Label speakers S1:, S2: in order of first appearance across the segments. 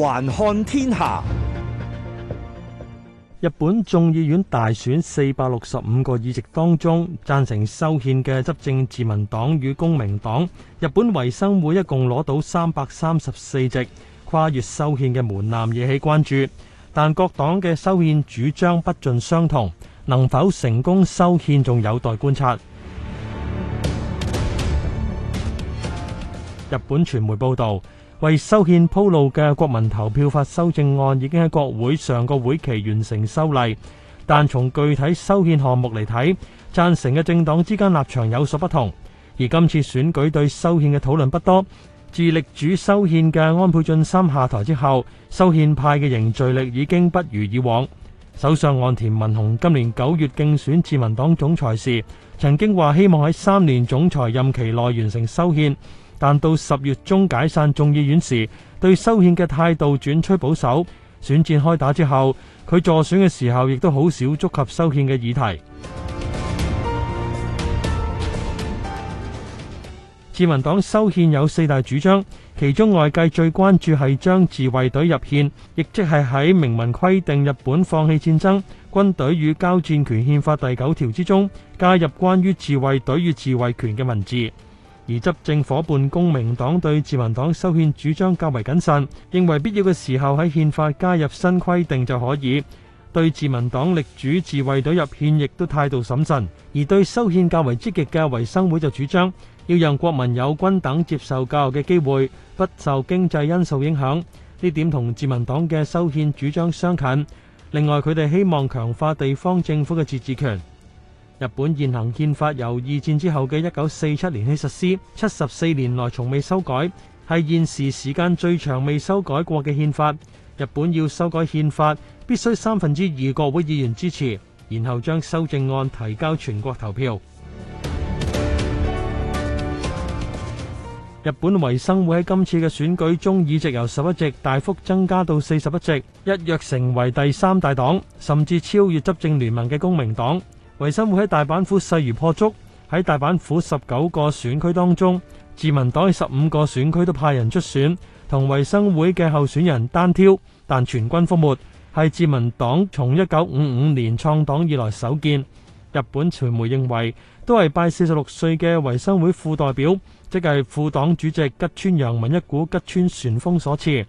S1: 環看天下，日本眾議院大選四百六十五個議席當中，贊成修憲嘅執政自民黨與公明黨，日本維新會一共攞到三百三十四席，跨越修憲嘅門檻惹起關注。但各黨嘅修憲主張不盡相同，能否成功修憲仲有待觀察。日本傳媒報道。為修憲鋪路嘅國民投票法修正案已經喺國會上個會期完成修例，但從具體修憲項目嚟睇，贊成嘅政黨之間立場有所不同。而今次選舉對修憲嘅討論不多，自力主修憲嘅安倍晉三下台之後，修憲派嘅凝聚力已經不如以往。首相岸田文雄今年九月競選自民黨總裁時，曾經話希望喺三年總裁任期內完成修憲。但到十月中解散眾議院時，對修憲嘅態度轉趨保守。選戰開打之後，佢助選嘅時候亦都好少觸及修憲嘅議題。 自民黨修憲有四大主張，其中外界最關注係將自衛隊入憲，亦即係喺明文規定日本放棄戰爭、軍隊與交戰權憲法第九條之中，加入關於自衛隊與自衛權嘅文字。而執政伙伴公明黨對自民黨修憲主張較為謹慎，認為必要嘅時候喺憲法加入新規定就可以。對自民黨力主自衛隊入憲亦都態度審慎，而對修憲較為積極嘅維新會就主張要讓國民有均等接受教育嘅機會，不受經濟因素影響。呢點同自民黨嘅修憲主張相近。另外，佢哋希望強化地方政府嘅自治權。日本現行憲法由二戰之後嘅1947年起實施，七十四年來從未修改，係現時時間最長未修改過嘅憲法。日本要修改憲法，必須三分之二國會議員支持，然後將修正案提交全國投票。日本維新會喺今次嘅選舉中，議席由十一席大幅增加到四十一席，一躍成為第三大黨，甚至超越執政聯盟嘅公明黨。 維新會喺大阪府勢如破竹，喺大阪府十九個選區當中，自民黨喺十五個選區都派人出選，同維新會嘅候選人單挑，但全軍覆沒，係自民黨從一九五五年創黨以來首見。日本傳媒認為都係拜四十六歲嘅維新會副代表，即係副黨主席吉村洋文一股吉村旋風所賜。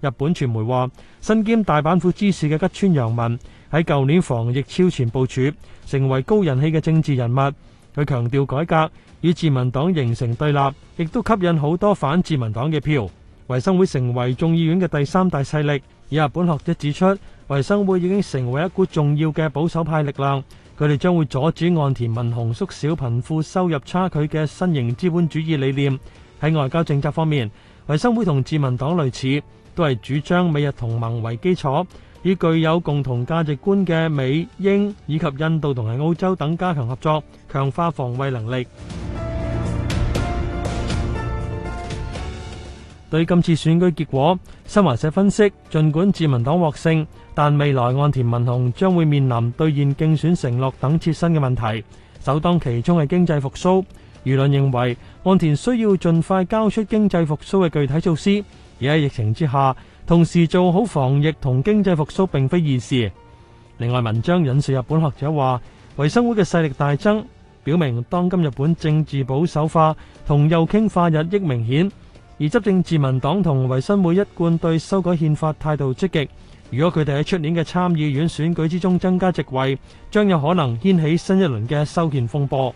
S1: 日本傳媒話，身兼大阪府知事嘅吉村洋文喺舊年防疫超前部署，成為高人氣嘅政治人物。佢強調改革與自民黨形成對立，亦都吸引好多反自民黨嘅票。維新會成為眾議院嘅第三大勢力。而日本學者指出，維新會已經成為一股重要嘅保守派力量。佢哋將會阻止岸田文雄縮小貧富收入差距嘅新型資本主義理念。喺外交政策方面，維新會同自民黨類似。都係主張美日同盟為基礎，以具有共同價值觀嘅美英以及印度同埋澳洲等加強合作，強化防衛能力。對今次選舉結果，新華社分析，盡管自民黨獲勝，但未來岸田文雄將會面臨兌現競選承諾等切身嘅問題，首當其衝係經濟復甦。輿論認為岸田需要盡快交出經濟復蘇嘅具體措施，而喺疫情之下，同時做好防疫同經濟復蘇並非易事。另外，文章引述日本學者話，維新會嘅勢力大增，表明當今日本政治保守化同右傾化日益明顯。而執政自民黨同維新會一貫對修改憲法態度積極，如果佢哋喺出年嘅參議院選舉之中增加席位，將有可能掀起新一輪嘅修憲風波。